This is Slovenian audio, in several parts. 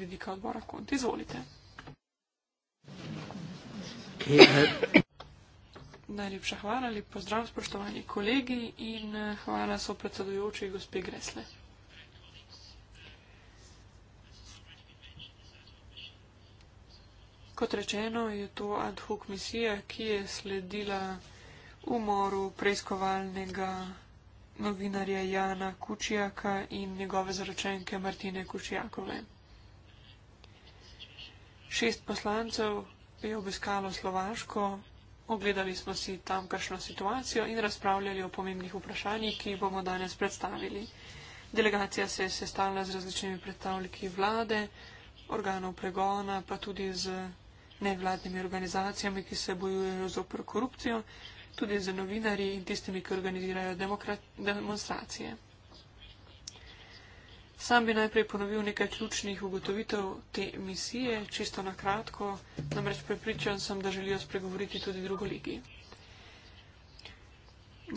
vidika odbora konti. Izvolite. Najlepša hvala, lep pozdrav spoštovani kolegi in eh, hvala so predsedujoči gospe Gresle. Kot rečeno, je to ad hoc misija, ki je sledila umoru preiskovalnega novinarja Jana Kučijaka in njegove zaročenke Martine Kučijakove. Šest poslancev je obiskalo Slovaško, ogledali smo si tamkajšnjo situacijo in razpravljali o pomembnih vprašanjih, ki jih bomo danes predstavili. Delegacija se je sestavila z različnimi predstavniki vlade, organov pregona, pa tudi z nevladnimi organizacijami, ki se bojujejo zopr korupcijo, tudi z novinarji in tistimi, ki organizirajo demokrat, demonstracije. Sam bi najprej ponovil nekaj ključnih ugotovitev te misije, čisto na kratko, namreč prepričan sem, da želijo spregovoriti tudi drugo ligi.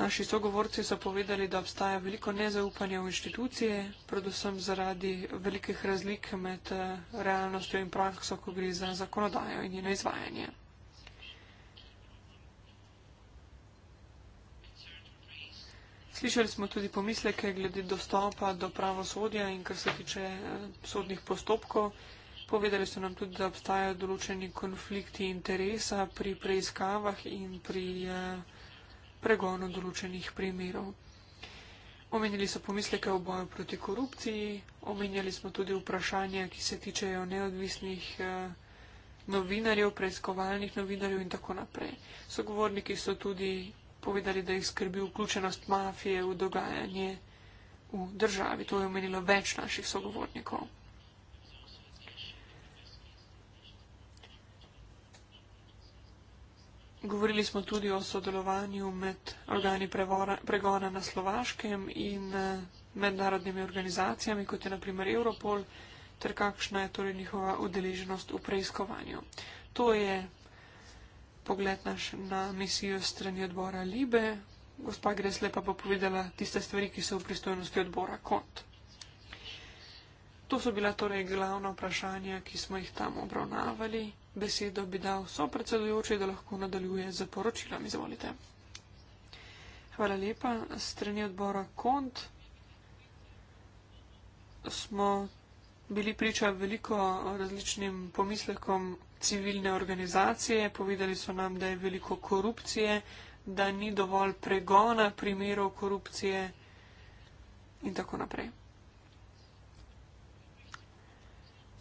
Naši sogovorci so povedali, da obstaja veliko nezaupanja v inštitucije, predvsem zaradi velikih razlik med eh, realnostjo in prakso, ko gre za zakonodajo in njeno izvajanje. Slišali smo tudi pomisleke glede dostopa do pravosodja in kar se tiče eh, sodnih postopkov. Povedali so nam tudi, da obstajajo določeni konflikti interesa pri preiskavah in pri eh, pregonu določenih primerov. Omenili so pomisleke o boju proti korupciji, omenjali smo tudi vprašanja, ki se tičejo neodvisnih eh, novinarjev, preiskovalnih novinarjev in tako naprej. Sogovorniki so tudi povedali, da jih skrbi vključenost mafije v dogajanje v državi. To je omenilo več naših sogovornikov. Govorili smo tudi o sodelovanju med organi prevora, pregona na Slovaškem in eh, mednarodnimi organizacijami, kot je naprimer Europol, ter kakšna je torej njihova udeleženost v preiskovanju. To je pogled naš na misijo strani odbora Libe. Gospa Gresle pa bo povedala tiste stvari, ki so v pristojnosti odbora kont. To so bila torej glavna vprašanja, ki smo jih tam obravnavali. Besedo bi dal so predsedujoči, da lahko nadaljuje z poročilom. Izvolite. Hvala lepa. Strani odbora kont smo bili priča veliko različnim pomislekom civilne organizacije. Povedali so nam, da je veliko korupcije, da ni dovolj pregona primerov korupcije in tako naprej.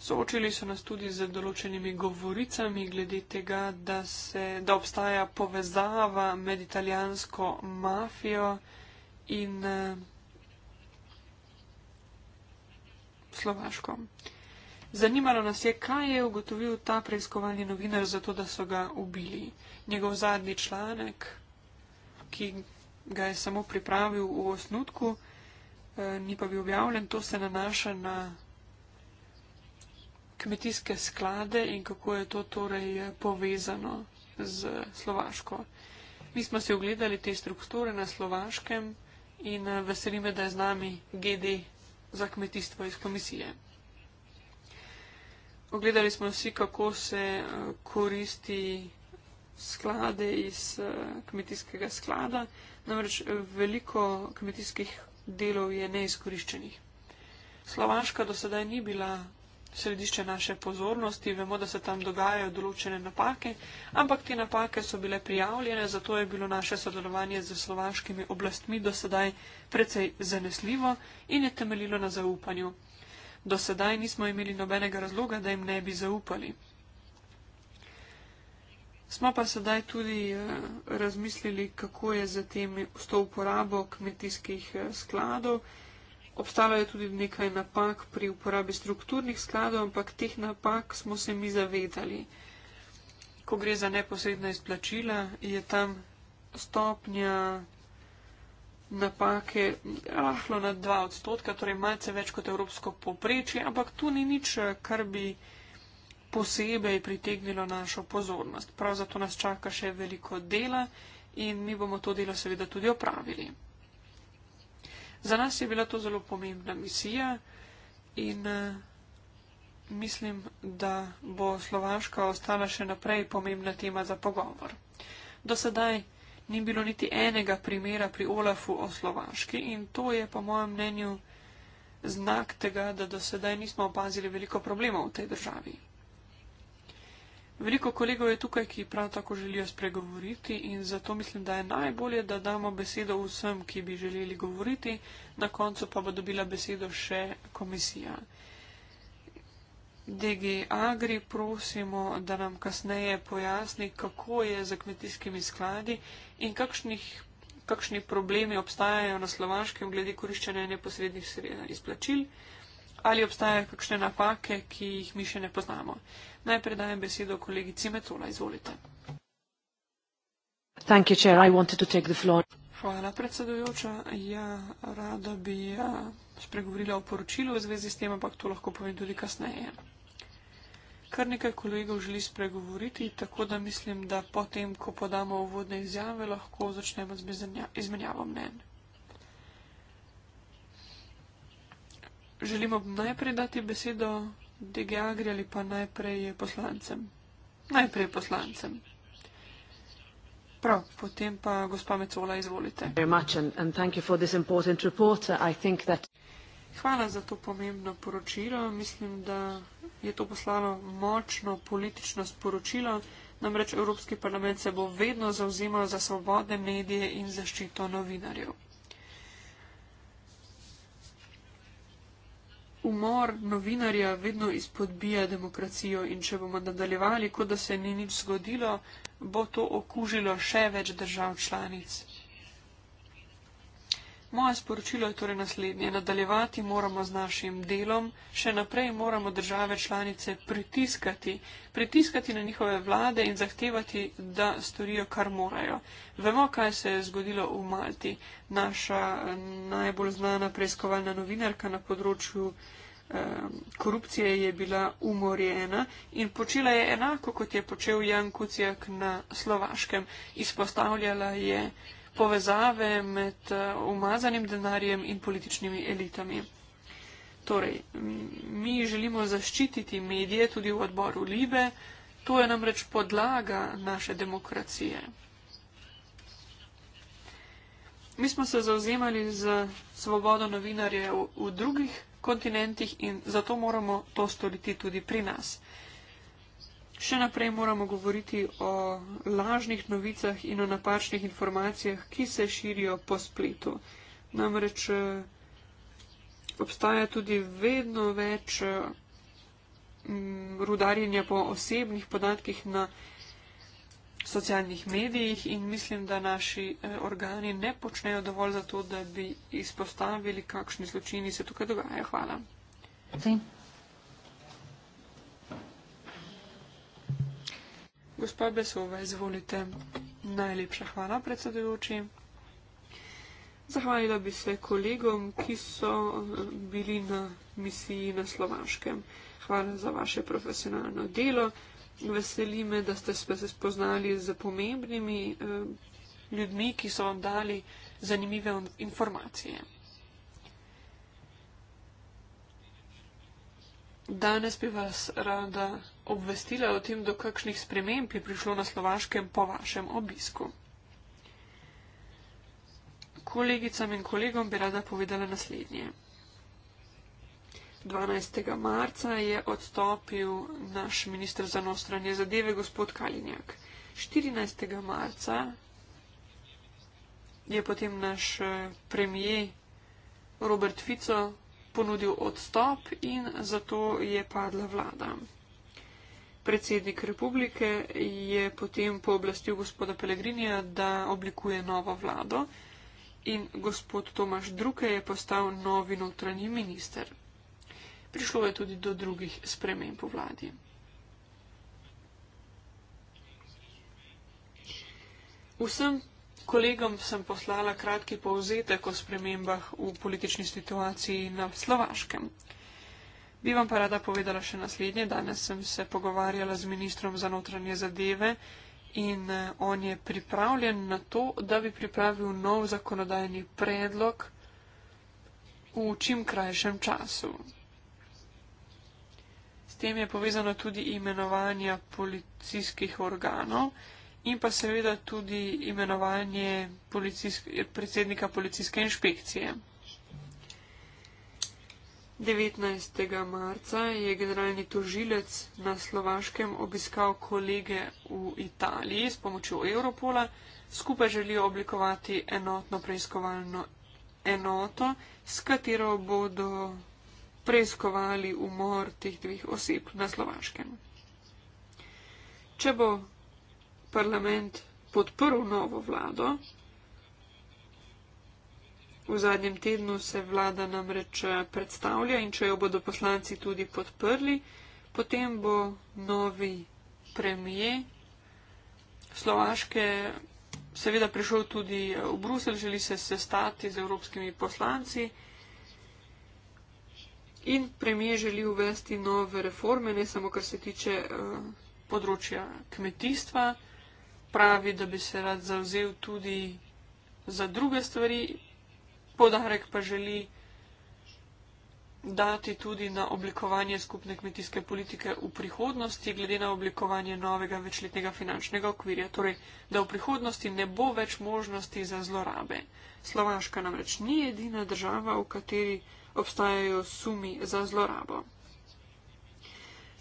Soočili so nas tudi z določenimi govoricami glede tega, da, se, da obstaja povezava med italijansko mafijo in eh, Slovaško. Zanimalo nas je, kaj je ugotovil ta preiskovalni novinar za to, da so ga ubili. Njegov zadnji članek, ki ga je samo pripravil v osnutku, eh, ni pa bil objavljen, to se nanaša na kmetijske sklade in kako je to torej eh, povezano z Slovaško. Mi smo si ogledali te strukture na Slovaškem in eh, veselime, da je z nami GD za kmetijstvo iz komisije. Ogledali smo si, kako se eh, koristi sklade iz eh, kmetijskega sklada, namreč eh, veliko kmetijskih delov je neizkoriščenih. Slovaška do sedaj ni bila središče naše pozornosti, vemo, da se tam dogajajo določene napake, ampak te napake so bile prijavljene, zato je bilo naše sodelovanje z slovaškimi oblastmi do sedaj precej zanesljivo in je temeljilo na zaupanju. Do sedaj nismo imeli nobenega razloga, da jim ne bi zaupali. Smo pa sedaj tudi eh, razmislili, kako je z, temi, z to uporabo kmetijskih eh, skladov. Obstalo je tudi nekaj napak pri uporabi strukturnih skladov, ampak teh napak smo se mi zavedali. Ko gre za neposredna izplačila, je tam stopnja napake rahlo na 2 odstotka, torej malce več kot evropsko poprečje, ampak tu ni nič, kar bi posebej pritegnilo našo pozornost. Prav zato nas čaka še veliko dela in mi bomo to delo seveda tudi opravili. Za nas je bila to zelo pomembna misija in eh, mislim, da bo Slovaška ostala še naprej pomembna tema za pogovor. Do sedaj ni bilo niti enega primera pri Olafu o Slovaški in to je po mojem mnenju znak tega, da do sedaj nismo opazili veliko problemov v tej državi. Veliko kolegov je tukaj, ki prav tako želijo spregovoriti in zato mislim, da je najbolje, da damo besedo vsem, ki bi želeli govoriti, na koncu pa bo dobila besedo še komisija. DG Agri prosimo, da nam kasneje pojasni, kako je za kmetijskimi skladi in kakšnih, kakšni problemi obstajajo na slovaškem glede koriščenja neposrednih izplačil ali obstajajo kakšne napake, ki jih mi še ne poznamo. Najprej dajem besedo kolegici Metola, izvolite. You, Hvala, predsedujoča. Ja, rada bi ja, spregovorila o poročilu v zvezi s tem, ampak to lahko povem tudi kasneje. Kar nekaj kolegov želi spregovoriti, tako da mislim, da potem, ko podamo uvodne izjave, lahko začnemo z izmenjavo mnenja. želimo najprej dati besedo Digeagri ali pa najprej poslancem. Najprej poslancem. Prav, potem pa gospa Mecola, izvolite. And, and that... Hvala za to pomembno poročilo. Mislim, da je to poslalo močno politično sporočilo. Namreč Evropski parlament se bo vedno zauzimal za svobodne medije in zaščito novinarjev. umor novinarja vedno izpodbija demokracijo in če bomo nadaljevali, kot da se ni nič zgodilo, bo to okužilo še več držav članic. Moje sporočilo je torej naslednje. Nadaljevati moramo z našim delom, še naprej moramo države članice pritiskati, pritiskati na njihove vlade in zahtevati, da storijo, kar morajo. Vemo, kaj se je zgodilo v Malti. Naša eh, najbolj znana preiskovalna novinarka na področju eh, korupcije je bila umorjena in počela je enako, kot je počel Jan Kuciak na Slovaškem. Izpostavljala je povezave med eh, umazanim denarjem in političnimi elitami. Torej, mi želimo zaščititi medije tudi v odboru Libe, to je namreč podlaga naše demokracije. Mi smo se zauzemali za svobodo novinarjev v drugih kontinentih in zato moramo to storiti tudi pri nas. Še naprej moramo govoriti o lažnih novicah in o napačnih informacijah, ki se širijo po spletu. Namreč eh, obstaja tudi vedno več eh, rudarjenja po osebnih podatkih na socialnih medijih in mislim, da naši eh, organi ne počnejo dovolj za to, da bi izpostavili, kakšni zločini se tukaj dogajajo. Hvala. Zim. Gospa Besova, izvolite. Najlepša hvala, predsedujoči. Zahvalila bi se kolegom, ki so eh, bili na misiji na Slovaškem. Hvala za vaše profesionalno delo. Veseli me, da ste se spoznali z pomembnimi eh, ljudmi, ki so vam dali zanimive informacije. Danes bi vas rada obvestila o tem, do kakšnih sprememb je prišlo na slovaškem po vašem obisku. Kolegicam in kolegom bi rada povedala naslednje. 12. marca je odstopil naš ministr za nostranje zadeve, gospod Kalinjak. 14. marca je potem naš eh, premije Robert Fico ponudil odstop in zato je padla vlada. Predsednik republike je potem pooblastil gospoda Pelegrinija, da oblikuje novo vlado in gospod Tomaš Druke je postal novi notranji minister. Prišlo je tudi do drugih sprememb v vladi. Vsem kolegom sem poslala kratki povzetek o spremembah v politični situaciji na Slovaškem. Bi vam pa rada povedala še naslednje. Danes sem se pogovarjala z ministrom za notranje zadeve in eh, on je pripravljen na to, da bi pripravil nov zakonodajni predlog v čim krajšem času. S tem je povezano tudi imenovanje policijskih organov in pa seveda tudi imenovanje policijsk, predsednika policijske inšpekcije. 19. marca je generalni tožilec na slovaškem obiskal kolege v Italiji s pomočjo Europola, skupaj želijo oblikovati enotno preiskovalno enoto, s katero bodo preiskovali umor teh dveh oseb na slovaškem. Če bo parlament podprl novo vlado. V zadnjem tednu se vlada namreč eh, predstavlja in če jo bodo poslanci tudi podprli, potem bo novi premije Slovaške seveda prišel tudi eh, v Bruselj, želi se sestati z evropskimi poslanci in premije želi uvesti nove reforme, ne samo kar se tiče eh, področja kmetijstva pravi, da bi se rad zauzel tudi za druge stvari, podarek pa želi dati tudi na oblikovanje skupne kmetijske politike v prihodnosti, glede na oblikovanje novega večletnega finančnega okvirja. Torej, da v prihodnosti ne bo več možnosti za zlorabe. Slovaška namreč ni edina država, v kateri obstajajo sumi za zlorabo.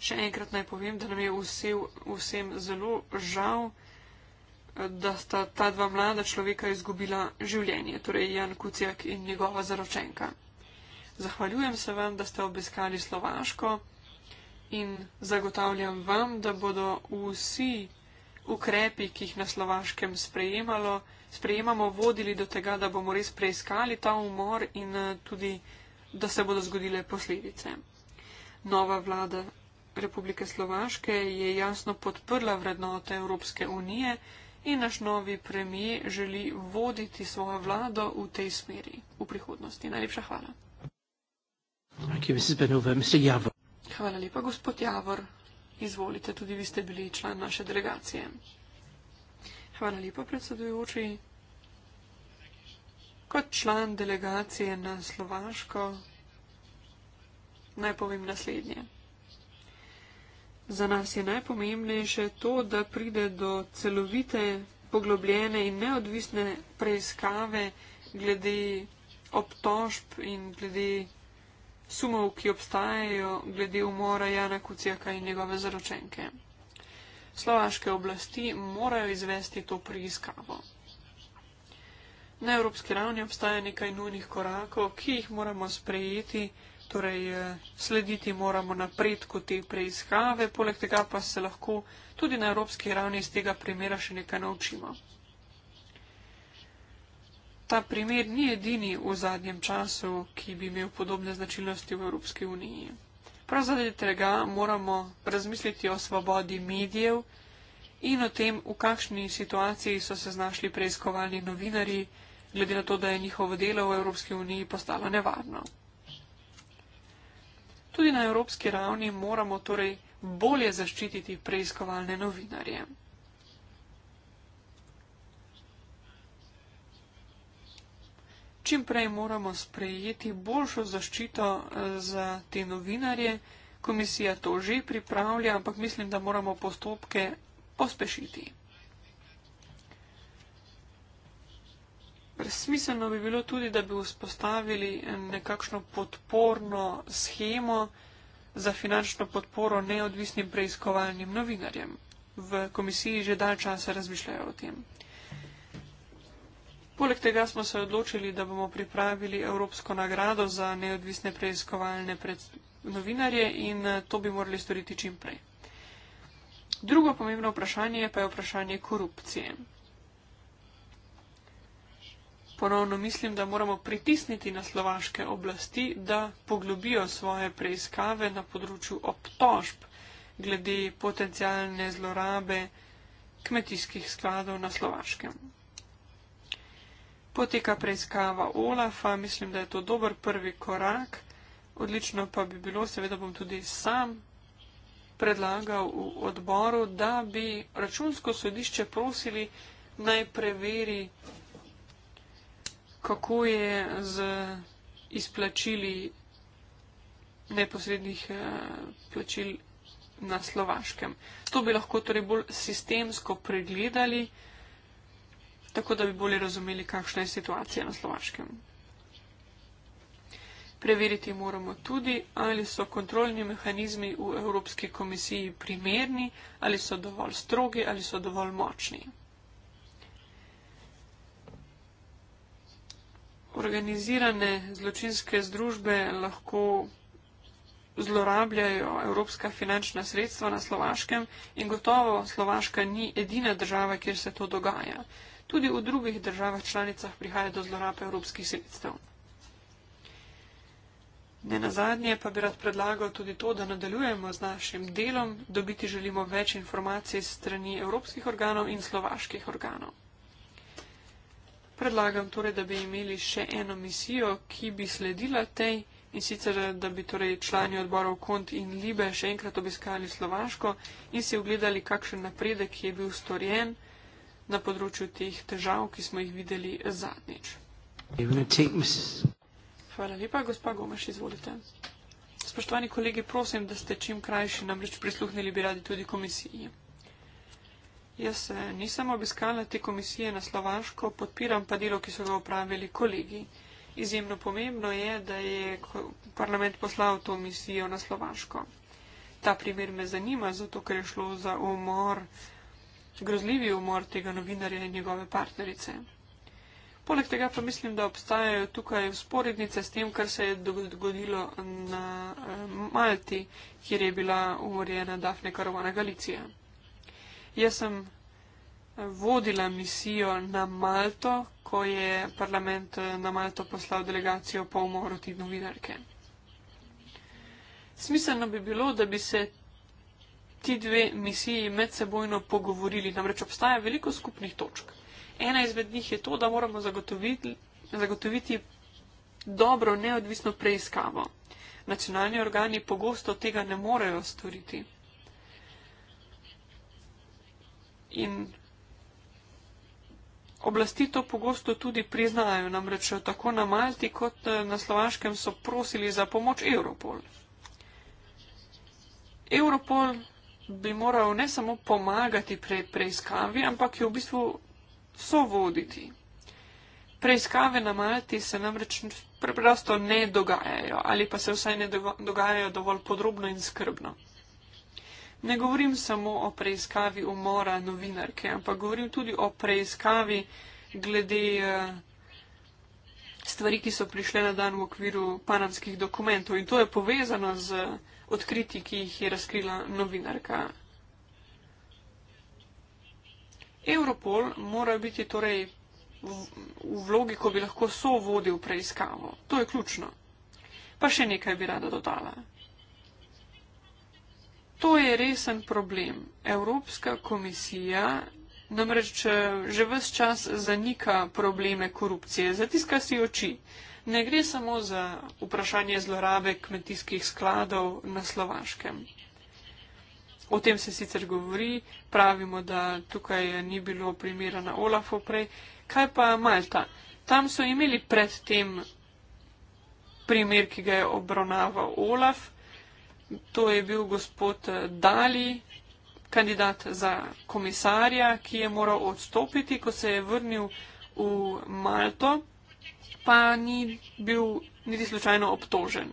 Še enkrat naj povem, da nam je vse, vsem zelo žal, da sta ta dva mlada človeka izgubila življenje, torej Jan Kuciak in njegova zaročenka. Zahvaljujem se vam, da ste obiskali Slovaško in zagotavljam vam, da bodo vsi ukrepi, ki jih na Slovaškem sprejemalo, sprejemamo, vodili do tega, da bomo res preiskali ta umor in eh, tudi, da se bodo zgodile posledice. Nova vlada Republike Slovaške je jasno podprla vrednote Evropske unije, in naš novi premijer želi voditi svojo vlado v tej smeri v prihodnosti. Najlepša hvala. Hvala lepa, gospod Javor. Izvolite, tudi vi ste bili član naše delegacije. Hvala lepa, predsedujoči. Kot član delegacije na Slovaško naj povem naslednje. Za nas je najpomembnejše to, da pride do celovite, poglobljene in neodvisne preiskave glede obtožb in glede sumov, ki obstajajo glede umora Jana Kucijaka in njegove zaročenke. Slovaške oblasti morajo izvesti to preiskavo. Na evropski ravni obstaja nekaj nujnih korakov, ki jih moramo sprejeti, Torej, eh, slediti moramo napredku te preiskave, poleg tega pa se lahko tudi na evropski ravni iz tega primera še nekaj naučimo. Ta primer ni edini v zadnjem času, ki bi imel podobne značilnosti v Evropski uniji. Prav zaradi tega moramo razmisliti o svobodi medijev in o tem, v kakšni situaciji so se znašli preiskovalni novinari, glede na to, da je njihovo delo v Evropski uniji postalo nevarno. Tudi na evropski ravni moramo torej bolje zaščititi preiskovalne novinarje. Čim prej moramo sprejeti boljšo zaščito eh, za te novinarje. Komisija to že pripravlja, ampak mislim, da moramo postopke pospešiti. smiselno bi bilo tudi, da bi vzpostavili eh, nekakšno podporno schemo za finančno podporo neodvisnim preiskovalnim novinarjem. V komisiji že dalj časa razmišljajo o tem. Poleg tega smo se odločili, da bomo pripravili Evropsko nagrado za neodvisne preiskovalne novinarje in eh, to bi morali storiti čim prej. Drugo pomembno vprašanje pa je vprašanje korupcije. Ponovno mislim, da moramo pritisniti na slovaške oblasti, da poglobijo svoje preiskave na področju obtožb glede potencijalne zlorabe kmetijskih skladov na slovaškem. Poteka preiskava Olafa, mislim, da je to dober prvi korak. Odlično pa bi bilo, seveda bom tudi sam predlagal v odboru, da bi računsko sodišče prosili naj preveri kako je z izplačili neposrednih eh, plačil na Slovaškem. To bi lahko torej bolj sistemsko pregledali, tako da bi bolje razumeli, kakšna je situacija na Slovaškem. Preveriti moramo tudi, ali so kontrolni mehanizmi v Evropski komisiji primerni, ali so dovolj strogi, ali so dovolj močni. organizirane zločinske združbe lahko zlorabljajo evropska finančna sredstva na Slovaškem in gotovo Slovaška ni edina država, kjer se to dogaja. Tudi v drugih državah članicah prihaja do zlorab evropskih sredstev. Ne nazadnje pa bi rad predlagal tudi to, da nadaljujemo z našim delom, dobiti želimo več informacij strani evropskih organov in slovaških organov predlagam torej, da bi imeli še eno misijo, ki bi sledila tej in sicer, da bi torej člani odborov Kont in Libe še enkrat obiskali Slovaško in si ogledali, kakšen napredek je bil storjen na področju teh težav, ki smo jih videli zadnjič. Hvala lepa, gospa Gomeš, izvolite. Spoštovani kolegi, prosim, da ste čim krajši namreč prisluhnili bi radi tudi komisiji. Jaz se nisem obiskala te komisije na Slovaško, podpiram pa delo, ki so ga upravili kolegi. Izjemno pomembno je, da je parlament poslal to misijo na Slovaško. Ta primer me zanima, zato ker je šlo za umor, grozljivi umor tega novinarja in njegove partnerice. Poleg tega pa mislim, da obstajajo tukaj sporednice s tem, kar se je dogodilo na eh, Malti, kjer je bila umorjena Dafne Karovana Galicija. Jaz sem vodila misijo na Malto, ko je parlament eh, na Malto poslal delegacijo po umoru te novinarke. Smiselno bi bilo, da bi se ti dve misiji medsebojno pogovorili, namreč obstaja veliko skupnih točk. Ena izmed njih je to, da moramo zagotoviti, zagotoviti dobro neodvisno preiskavo. Nacionalni organi pogosto tega ne morejo storiti. in oblasti to pogosto tudi priznajo, namreč tako na Malti kot eh, na Slovaškem so prosili za pomoč Europol. Europol bi moral ne samo pomagati pre preiskavi, ampak jo v bistvu sovoditi. Preiskave na Malti se namreč preprosto ne dogajajo ali pa se vsaj ne dogajajo dovolj podrobno in skrbno ne govorim samo o preiskavi umora novinarke, ampak govorim tudi o preiskavi glede eh, stvari, ki so prišle na dan v okviru panamskih dokumentov. In to je povezano z odkriti, ki jih je razkrila novinarka. Europol mora biti torej v vlogi, ko bi lahko so vodil preiskavo. To je ključno. Pa še nekaj bi rada dodala. To je resen problem. Evropska komisija namreč eh, že vse čas zanika probleme korupcije, zatiska si oči. Ne gre samo za vprašanje zlorabe kmetijskih skladov na Slovaškem. O tem se sicer govori, pravimo, da tukaj ni bilo primera na Olafu prej. Kaj pa Malta? Tam so imeli predtem primer, ki ga je obravnaval Olaf, to je bil gospod Dali, kandidat za komisarja, ki je moral odstopiti, ko se je vrnil v Malto, pa ni bil niti slučajno obtožen.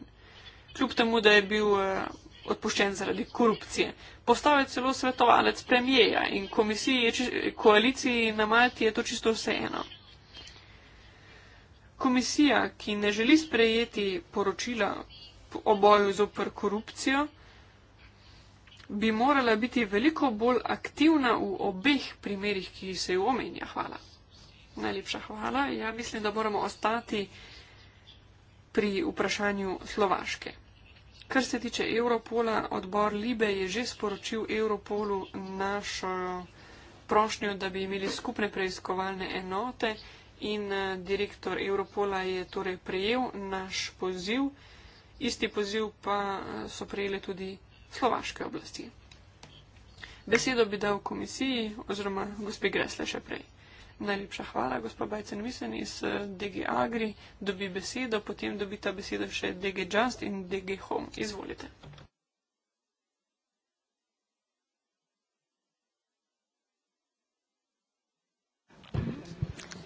Kljub temu, da je bil eh, odpuščen zaradi korupcije. Postal je celo svetovalec premijeja in komisiji, koaliciji na Malti je to čisto vseeno. Komisija, ki ne želi sprejeti poročila o boju zoper korupcijo, bi morala biti veliko bolj aktivna v obeh primerih, ki se jo omenja. Hvala. Najlepša hvala. Ja, mislim, da moramo ostati pri vprašanju Slovaške. Kar se tiče Europola, odbor Libe je že sporočil Europolu našo prošnjo, da bi imeli skupne preiskovalne enote in eh, direktor Europola je torej prejel naš poziv. Isti poziv pa eh, so prejeli tudi slovaške oblasti. Besedo bi dal komisiji oziroma gospe Gresle še prej. Najlepša hvala, gospa Bajcen Misen iz eh, DG Agri. Dobi besedo, potem dobi ta besedo še DG Just in DG Home. Izvolite.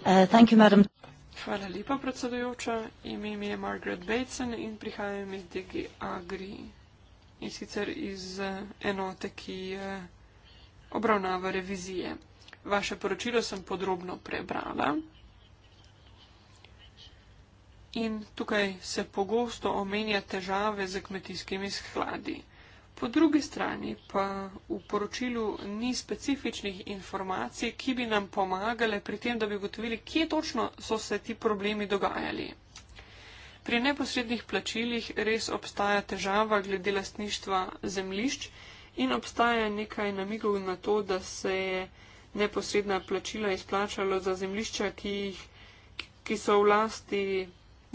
Uh, thank you, madam. Hvala lepa, predsedujoča. Ime mi je Margaret Bateson in prihajam iz DG Agri. In sicer iz eh, enote, ki eh, obravnava revizije. Vaše poročilo sem podrobno prebrala. In tukaj se pogosto omenja težave z kmetijskimi skladi. Po drugi strani pa v poročilu ni specifičnih informacij, ki bi nam pomagale pri tem, da bi ugotovili, kje točno so se ti problemi dogajali. Pri neposrednih plačilih res obstaja težava glede lastništva zemlišč in obstaja nekaj namigov na to, da se je neposredna plačila izplačalo za zemlišča, ki, jih, ki so v lasti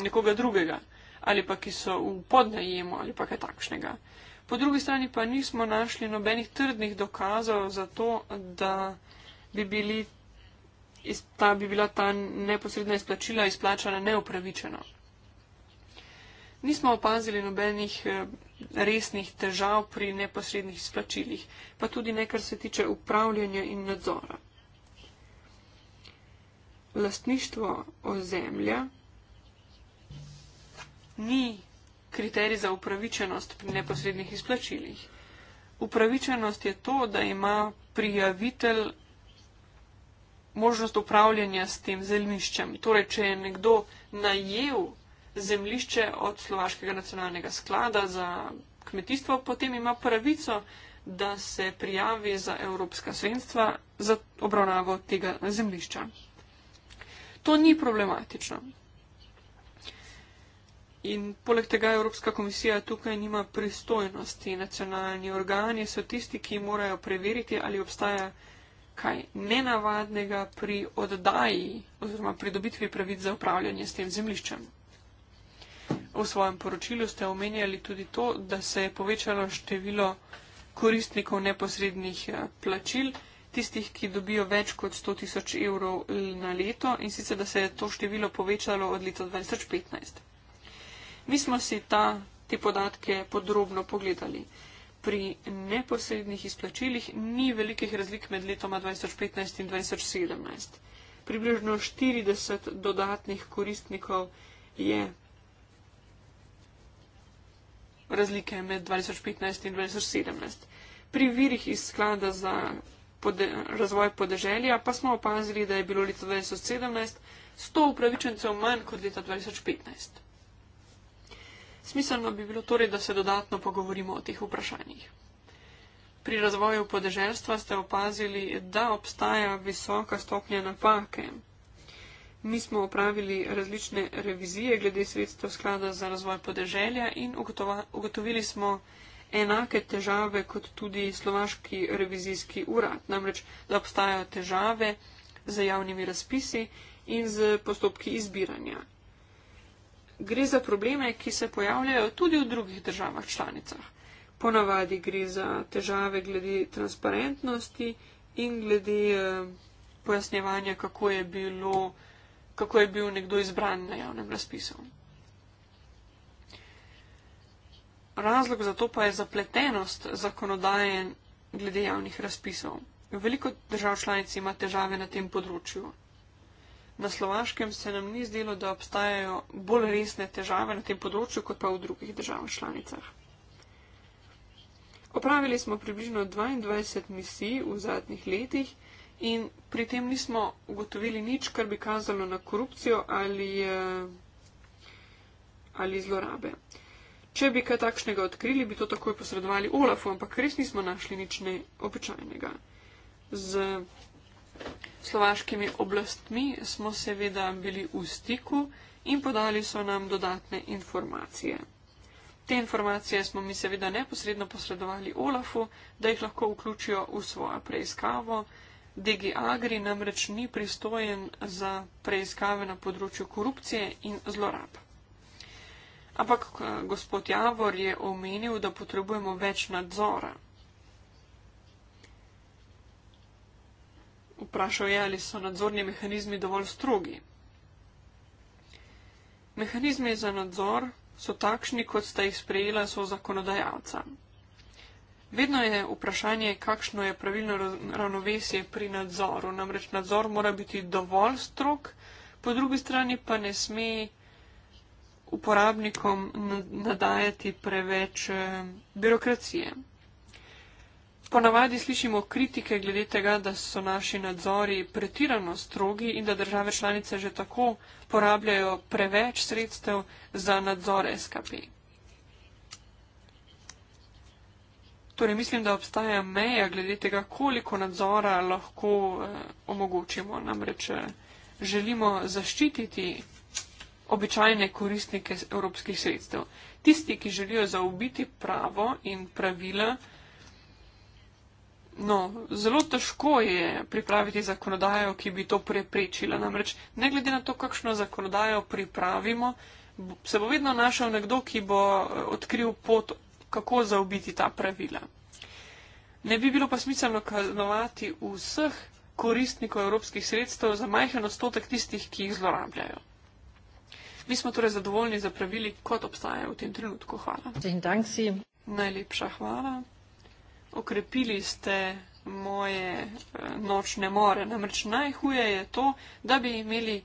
nekoga drugega ali pa ki so v podnajemu ali pa kaj takšnega. Po drugi strani pa nismo našli nobenih trdnih dokazov za to, da bi, bili, ta, bi bila ta neposredna izplačila izplačana neupravičeno. Nismo opazili nobenih eh, resnih težav pri neposrednih izplačilih, pa tudi ne, kar se tiče upravljanja in nadzora. Lastništvo ozemlja ni kriterij za upravičenost pri neposrednih izplačilih. Upravičenost je to, da ima prijavitelj možnost upravljanja s tem zemljiščem. Torej, če je nekdo najel zemljišče od Slovaškega nacionalnega sklada za kmetijstvo, potem ima pravico, da se prijavi za evropska svenstva za obravnavo tega zemljišča. To ni problematično. In poleg tega Evropska komisija tukaj nima pristojnosti. Nacionalni organi so tisti, ki morajo preveriti, ali obstaja kaj nenavadnega pri oddaji oziroma pridobitvi pravic za upravljanje s tem zemliščem. V svojem poročilu ste omenjali tudi to, da se je povečalo število koristnikov neposrednih eh, plačil, tistih, ki dobijo več kot 100 tisoč evrov eh, na leto in sicer, da se je to število povečalo od leta 2015. Mi smo si ta, te podatke podrobno pogledali. Pri neposrednih izplačilih ni velikih razlik med letoma 2015 in 2017. Približno 40 dodatnih koristnikov je razlike med 2015 in 2017. Pri virih iz sklada za pode, razvoj podeželja pa smo opazili, da je bilo leta 2017 100 upravičencev manj kot leta 2015. Smiselno bi bilo torej, da se dodatno pogovorimo o teh vprašanjih. Pri razvoju podeželstva ste opazili, da obstaja visoka stopnja napake. Mi smo opravili različne revizije glede sredstev sklada za razvoj podeželja in ugotovili smo enake težave kot tudi slovaški revizijski urad. Namreč, da obstajajo težave z javnimi razpisi in z postopki izbiranja gre za probleme, ki se pojavljajo tudi v drugih državah članicah. Ponavadi gre za težave glede transparentnosti in glede eh, pojasnjevanja, kako je, bilo, kako je bil nekdo izbran na javnem razpisu. Razlog za to pa je zapletenost zakonodaje glede javnih razpisov. Veliko držav članic ima težave na tem področju Na slovaškem se nam ni zdelo, da obstajajo bolj resne težave na tem področju, kot pa v drugih državah članicah. Opravili smo približno 22 misij v zadnjih letih in pri tem nismo ugotovili nič, kar bi kazalo na korupcijo ali, eh, ali zlorabe. Če bi kaj takšnega odkrili, bi to takoj posredovali Olafu, ampak res nismo našli nič neobičajnega. Z slovaškimi oblastmi smo seveda bili v stiku in podali so nam dodatne informacije. Te informacije smo mi seveda neposredno posredovali Olafu, da jih lahko vključijo v svojo preiskavo. DG Agri namreč ni pristojen za preiskave na področju korupcije in zlorab. Ampak eh, gospod Javor je omenil, da potrebujemo več nadzora Vprašal je, ali so nadzorni mehanizmi dovolj strogi. Mehanizmi za nadzor so takšni, kot sta jih sprejela so zakonodajalca. Vedno je vprašanje, kakšno je pravilno ravnovesje pri nadzoru. Namreč nadzor mora biti dovolj strok, po drugi strani pa ne sme uporabnikom nadajati preveč eh, birokracije. Ponavadi slišimo kritike glede tega, da so naši nadzori pretirano strogi in da države članice že tako porabljajo preveč sredstev za nadzor SKP. Torej, mislim, da obstaja meja glede tega, koliko nadzora lahko eh, omogočimo. Namreč eh, želimo zaščititi običajne koristnike evropskih sredstev. Tisti, ki želijo zaobiti pravo in pravila, No, zelo težko je pripraviti zakonodajo, ki bi to preprečila. Namreč, ne glede na to, kakšno zakonodajo pripravimo, se bo vedno našel nekdo, ki bo eh, odkril pot, kako zaobiti ta pravila. Ne bi bilo pa smiselno kaznovati vseh koristnikov evropskih sredstev za majhen odstotek tistih, ki jih zlorabljajo. Mi smo torej zadovoljni za pravili, kot obstajajo v tem trenutku. Hvala. Najlepša hvala okrepili ste moje eh, nočne more. Namreč najhuje je to, da bi imeli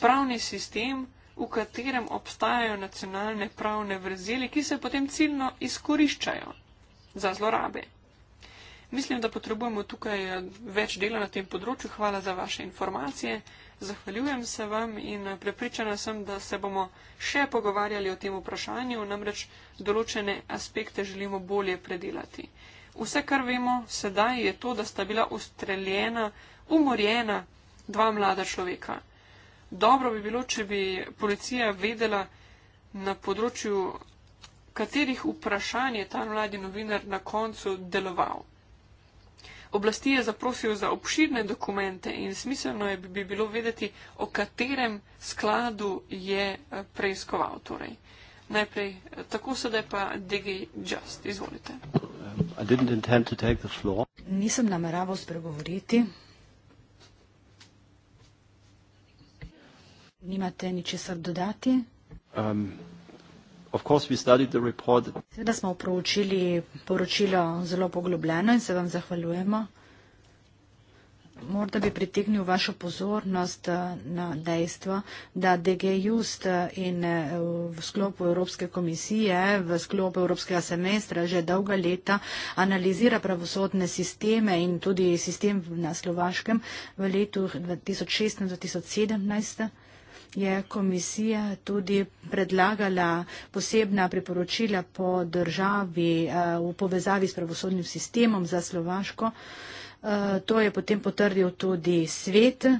pravni sistem, v katerem obstajajo nacionalne pravne vrzeli, ki se potem ciljno izkoriščajo za zlorabe. Mislim, da potrebujemo tukaj eh, več dela na tem področju. Hvala za vaše informacije. Zahvaljujem se vam in eh, prepričana sem, da se bomo še pogovarjali o tem vprašanju, namreč določene aspekte želimo bolje predelati. Vse, kar vemo sedaj, je to, da sta bila ustreljena, umorjena dva mlada človeka. Dobro bi bilo, če bi policija vedela na področju, katerih vprašanj je ta mladi novinar na koncu deloval. Oblasti je zaprosil za obširne dokumente in smiselno je bi bilo vedeti, o katerem skladu je eh, preiskoval. Torej. Najprej eh, tako, sedaj pa DG Just. Izvolite. I didn't intend to take the floor. Nisem nameraval spregovoriti. Nimate ničesar dodati? Um, of course we studied the report. Seveda smo proučili poročilo zelo poglobljeno in se vam zahvaljujemo. Morda bi pritegnil vašo pozornost eh, na dejstvo, da DG Just eh, in eh, v sklopu Evropske komisije, v sklopu Evropskega semestra že dolga leta analizira pravosodne sisteme in tudi sistem na Slovaškem v letu 2016-2017 je komisija tudi predlagala posebna priporočila po državi v povezavi s pravosodnim sistemom za Slovaško. Eh, to je potem potrdil tudi svet.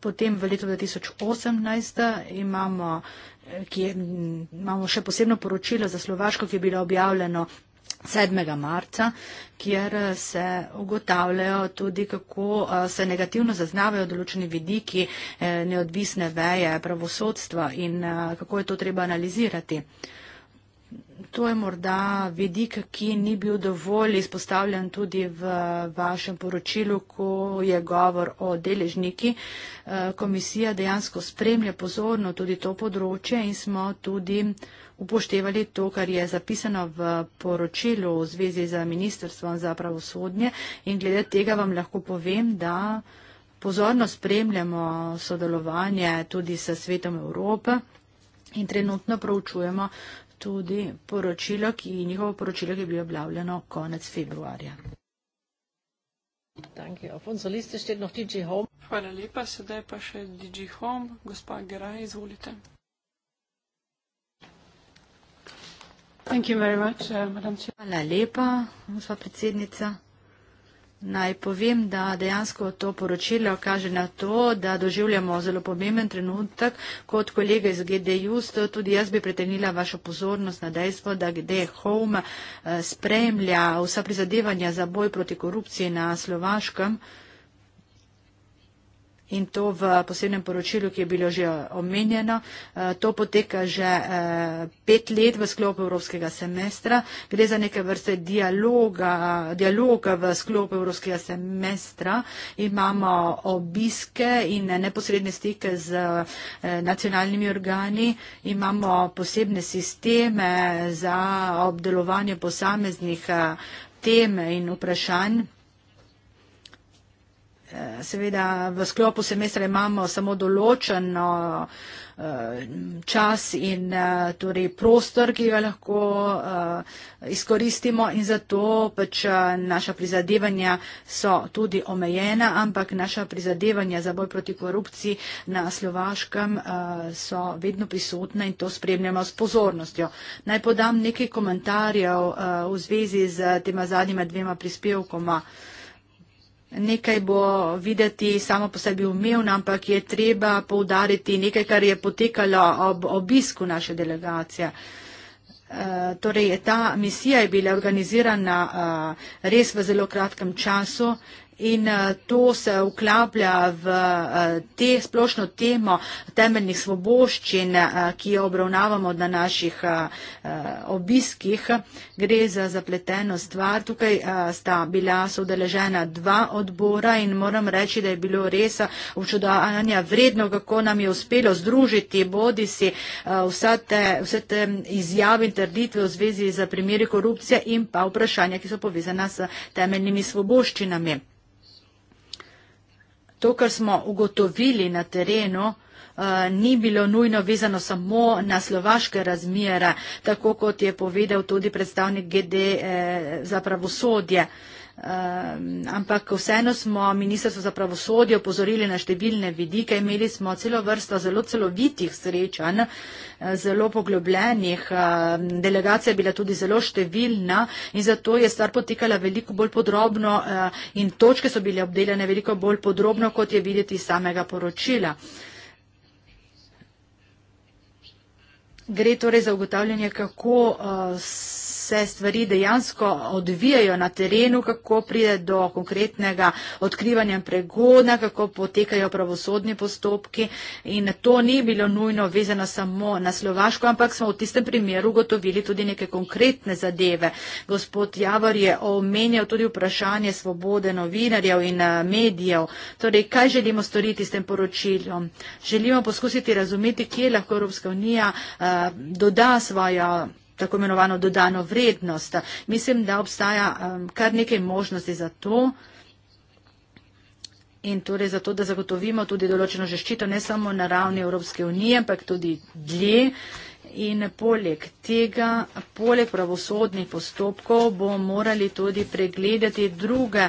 Potem v letu 2018 imamo, eh, je, imamo še posebno poročilo za Slovaško, ki je bilo objavljeno 7. marca, kjer eh, se ugotavljajo tudi, kako se negativno zaznavajo določeni vidiki neodvisne veje pravosodstva in kako je to treba analizirati. To je morda vidik, ki ni bil dovolj izpostavljen tudi v vašem poročilu, ko je govor o deležniki. Eh, komisija dejansko spremlja pozorno tudi to področje in smo tudi upoštevali to, kar je zapisano v poročilu v zvezi z Ministrstvom za pravosodnje in glede tega vam lahko povem, da. Pozorno spremljamo sodelovanje tudi s svetom Evrope in trenutno proučujemo tudi poročilo, ki, njihovo poročilo, ki je bilo objavljeno konec februarja. Hvala lepa, sedaj pa še DJ Home. Gospa Geraj, izvolite. Eh, Hvala lepa, gospod predsednica. Naj povem, da dejansko to poročilo kaže na to, da doživljamo zelo pomemben trenutek. Kot kolega iz GDU, tudi jaz bi pretenila vašo pozornost na dejstvo, da GDH Home eh, spremlja vsa prizadevanja za boj proti korupciji na Slovaškem in to v posebnem poročilu, ki je bilo že omenjeno. Eh, to poteka že eh, pet let v sklopu evropskega semestra. Gre za neke vrste dialoga, dialoga v sklopu evropskega semestra. Imamo obiske in neposredne stike z eh, nacionalnimi organi. Imamo posebne sisteme za obdelovanje posameznih teme in vprašanj Seveda v sklopu semestra imamo samo določen eh, čas in eh, torej prostor, ki ga lahko eh, izkoristimo in zato pač naša prizadevanja so tudi omejena, ampak naša prizadevanja za boj proti korupciji na Slovaškem so vedno prisotna in to spremljamo s pozornostjo. Naj podam nekaj komentarjev v zvezi z tema zadnjima dvema prispevkoma nekaj bo videti samo po sebi umevno, ampak je treba poudariti nekaj, kar je potekalo ob obisku naše delegacije. Eh, torej, ta misija je bila organizirana eh, res v zelo kratkem času In eh, to se uklaplja v eh, te splošno temo temeljnih svoboščin, eh, ki jo obravnavamo na naših obiskih. Gre za zapleteno stvar. Tukaj sta bila sodeležena dva odbora in moram reči, da je bilo res učudovanja vredno, kako nam je uspelo združiti bodi si vse te, vse te izjave in trditve v zvezi z primeri korupcije in pa vprašanja, ki so povezana s temeljnimi svoboščinami to, kar smo ugotovili na terenu, Uh, ni bilo nujno vezano samo na slovaške razmere, tako kot je povedal tudi predstavnik GD eh, za pravosodje. Uh, Ehm, ampak vseeno smo Ministrstvo za pravosodje opozorili na številne vidike, imeli smo celo vrsto zelo celovitih srečanj, eh, zelo poglobljenih, ehm, delegacija je bila tudi zelo številna in zato je stvar potekala veliko bolj podrobno eh, in točke so bile obdeljene veliko bolj podrobno, kot je videti samega poročila. Gre torej za ugotavljanje, kako uh, se stvari dejansko odvijajo na terenu, kako pride do konkretnega odkrivanja pregona, kako potekajo pravosodni postopki in to ni bilo nujno vezano samo na Slovaško, ampak smo v tistem primeru ugotovili tudi neke konkretne zadeve. Gospod Javor je omenjal tudi vprašanje svobode novinarjev in eh, medijev. Torej, kaj želimo storiti s tem poročilom? Želimo poskusiti razumeti, kje lahko Evropska unija uh, doda svojo tako imenovano dodano vrednost. Mislim, da obstaja um, kar nekaj možnosti za to. In torej zato, da zagotovimo tudi določeno žeščito ne samo na ravni Evropske unije, ampak tudi dlje. In poleg tega, poleg pravosodnih postopkov, bomo morali tudi pregledati druga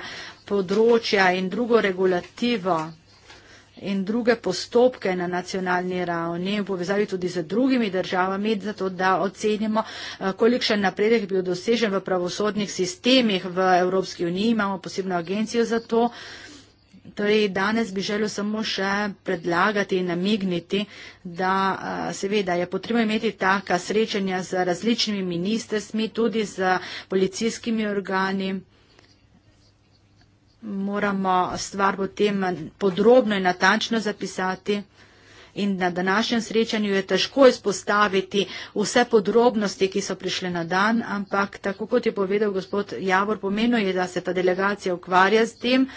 področja in drugo regulativo in druge postopke na nacionalni ravni v povezavi tudi z drugimi državami, zato da ocenimo, eh, kolikšen napredek je bil dosežen v pravosodnih sistemih v Evropski uniji. Imamo posebno agencijo za to. Torej, danes bi želel samo še predlagati in namigniti, da eh, seveda je potrebno imeti taka srečanja z različnimi ministrstmi, tudi z policijskimi organi moramo stvar potem podrobno in natančno zapisati. In na današnjem srečanju je težko izpostaviti vse podrobnosti, ki so prišle na dan, ampak tako kot je povedal gospod Javor, pomeno je, da se ta delegacija ukvarja s tem,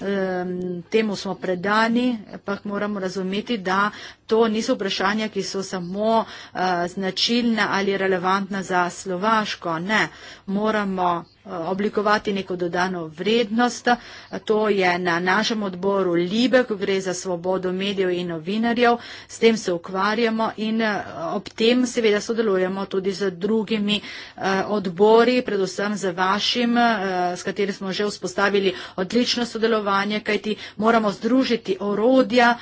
ehm, temu smo predani, ampak moramo razumeti, da to niso vprašanja, ki so samo eh, značilna ali relevantna za Slovaško. Ne, moramo oblikovati neko dodano vrednost. To je na našem odboru Libe, ko gre za svobodo medijev in novinarjev. S tem se ukvarjamo in eh, ob tem seveda sodelujemo tudi z drugimi eh, odbori, predvsem z vašim, eh, s katerim smo že vzpostavili odlično sodelovanje, kajti moramo združiti orodja,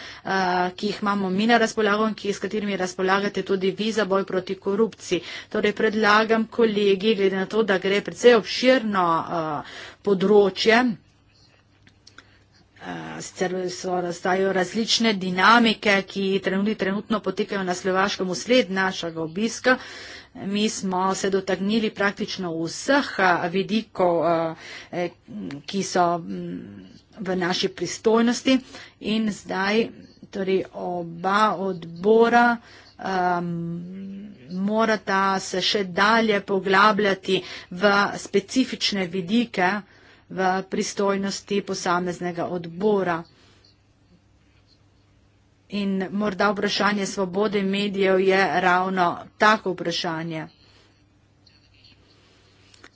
ki jih imamo mi na razpolago in s katerimi razpolagate tudi vi za boj proti korupciji. Torej predlagam kolegi, glede na to, da gre predvsej obširno, okvirno uh, eh, področje, eh, sicer so zdajo različne dinamike, ki trenutno, trenutno potekajo na Slovaškem usled našega obiska. Mi smo se dotaknili praktično vseh eh, vidikov, ki so mm, v naši pristojnosti in zdaj torej oba odbora um, morata se še dalje poglabljati v specifične vidike v pristojnosti posameznega odbora. In morda vprašanje svobode medijev je ravno tako vprašanje.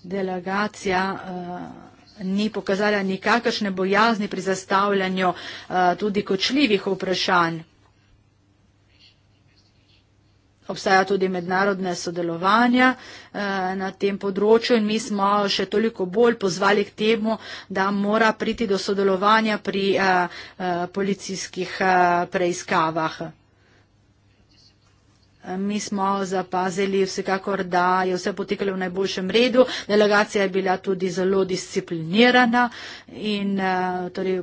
Delegacija uh, ni pokazala nikakršne bojazni pri zastavljanju uh, tudi kočljivih vprašanj. Obstaja tudi mednarodne sodelovanja eh, na tem področju in mi smo še toliko bolj pozvali k temu, da mora priti do sodelovanja pri eh, eh, policijskih preiskavah. Mi smo zapazili vsekakor, da je vse potekalo v najboljšem redu. Delegacija je bila tudi zelo disciplinirana in torej,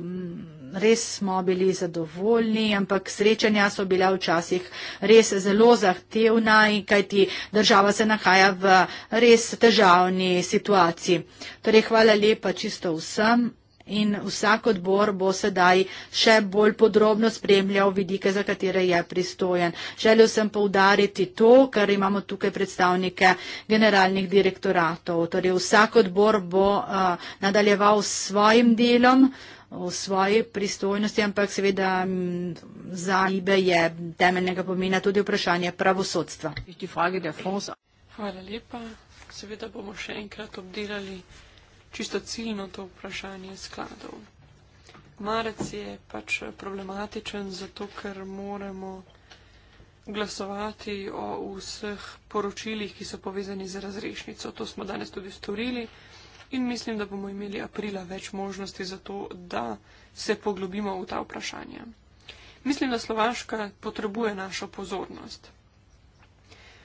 res smo bili zadovoljni, ampak srečanja so bila včasih res zelo zahtevna in kajti država se nahaja v res težavni situaciji. Torej, hvala lepa čisto vsem. In vsak odbor bo sedaj še bolj podrobno spremljal vidike, za katere je pristojen. Želel sem povdariti to, kar imamo tukaj predstavnike generalnih direktoratov. Torej, vsak odbor bo uh, nadaljeval s svojim delom v svoje pristojnosti, ampak seveda za IBE je temeljnega pomena tudi vprašanje pravosodstva. Hvala lepa. Seveda bomo še enkrat obdelali čisto ciljno to vprašanje skladov. Marec je pač problematičen, zato ker moramo glasovati o vseh poročilih, ki so povezani z razrešnico. To smo danes tudi storili in mislim, da bomo imeli aprila več možnosti za to, da se poglobimo v ta vprašanja. Mislim, da Slovaška potrebuje našo pozornost.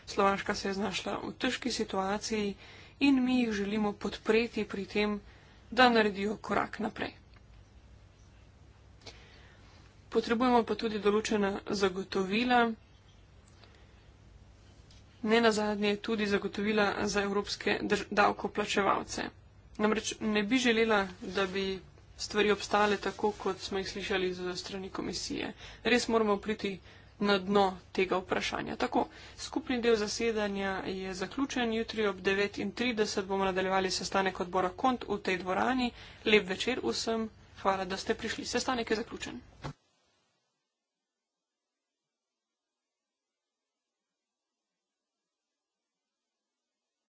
Slovaška se je znašla v težki situaciji in mi jih želimo podpreti pri tem, da naredijo korak naprej. Potrebujemo pa tudi določena zagotovila, ne nazadnje tudi zagotovila za evropske davkoplačevalce. Namreč ne bi želela, da bi stvari obstale tako, kot smo jih slišali z strani komisije. Res moramo priti na dno tega vprašanja. Tako, skupni del zasedanja je zaključen. Jutri ob 9.30 bomo nadaljevali sestanek odbora Kont v tej dvorani. Lep večer vsem. Hvala, da ste prišli. Sestanek je zaključen.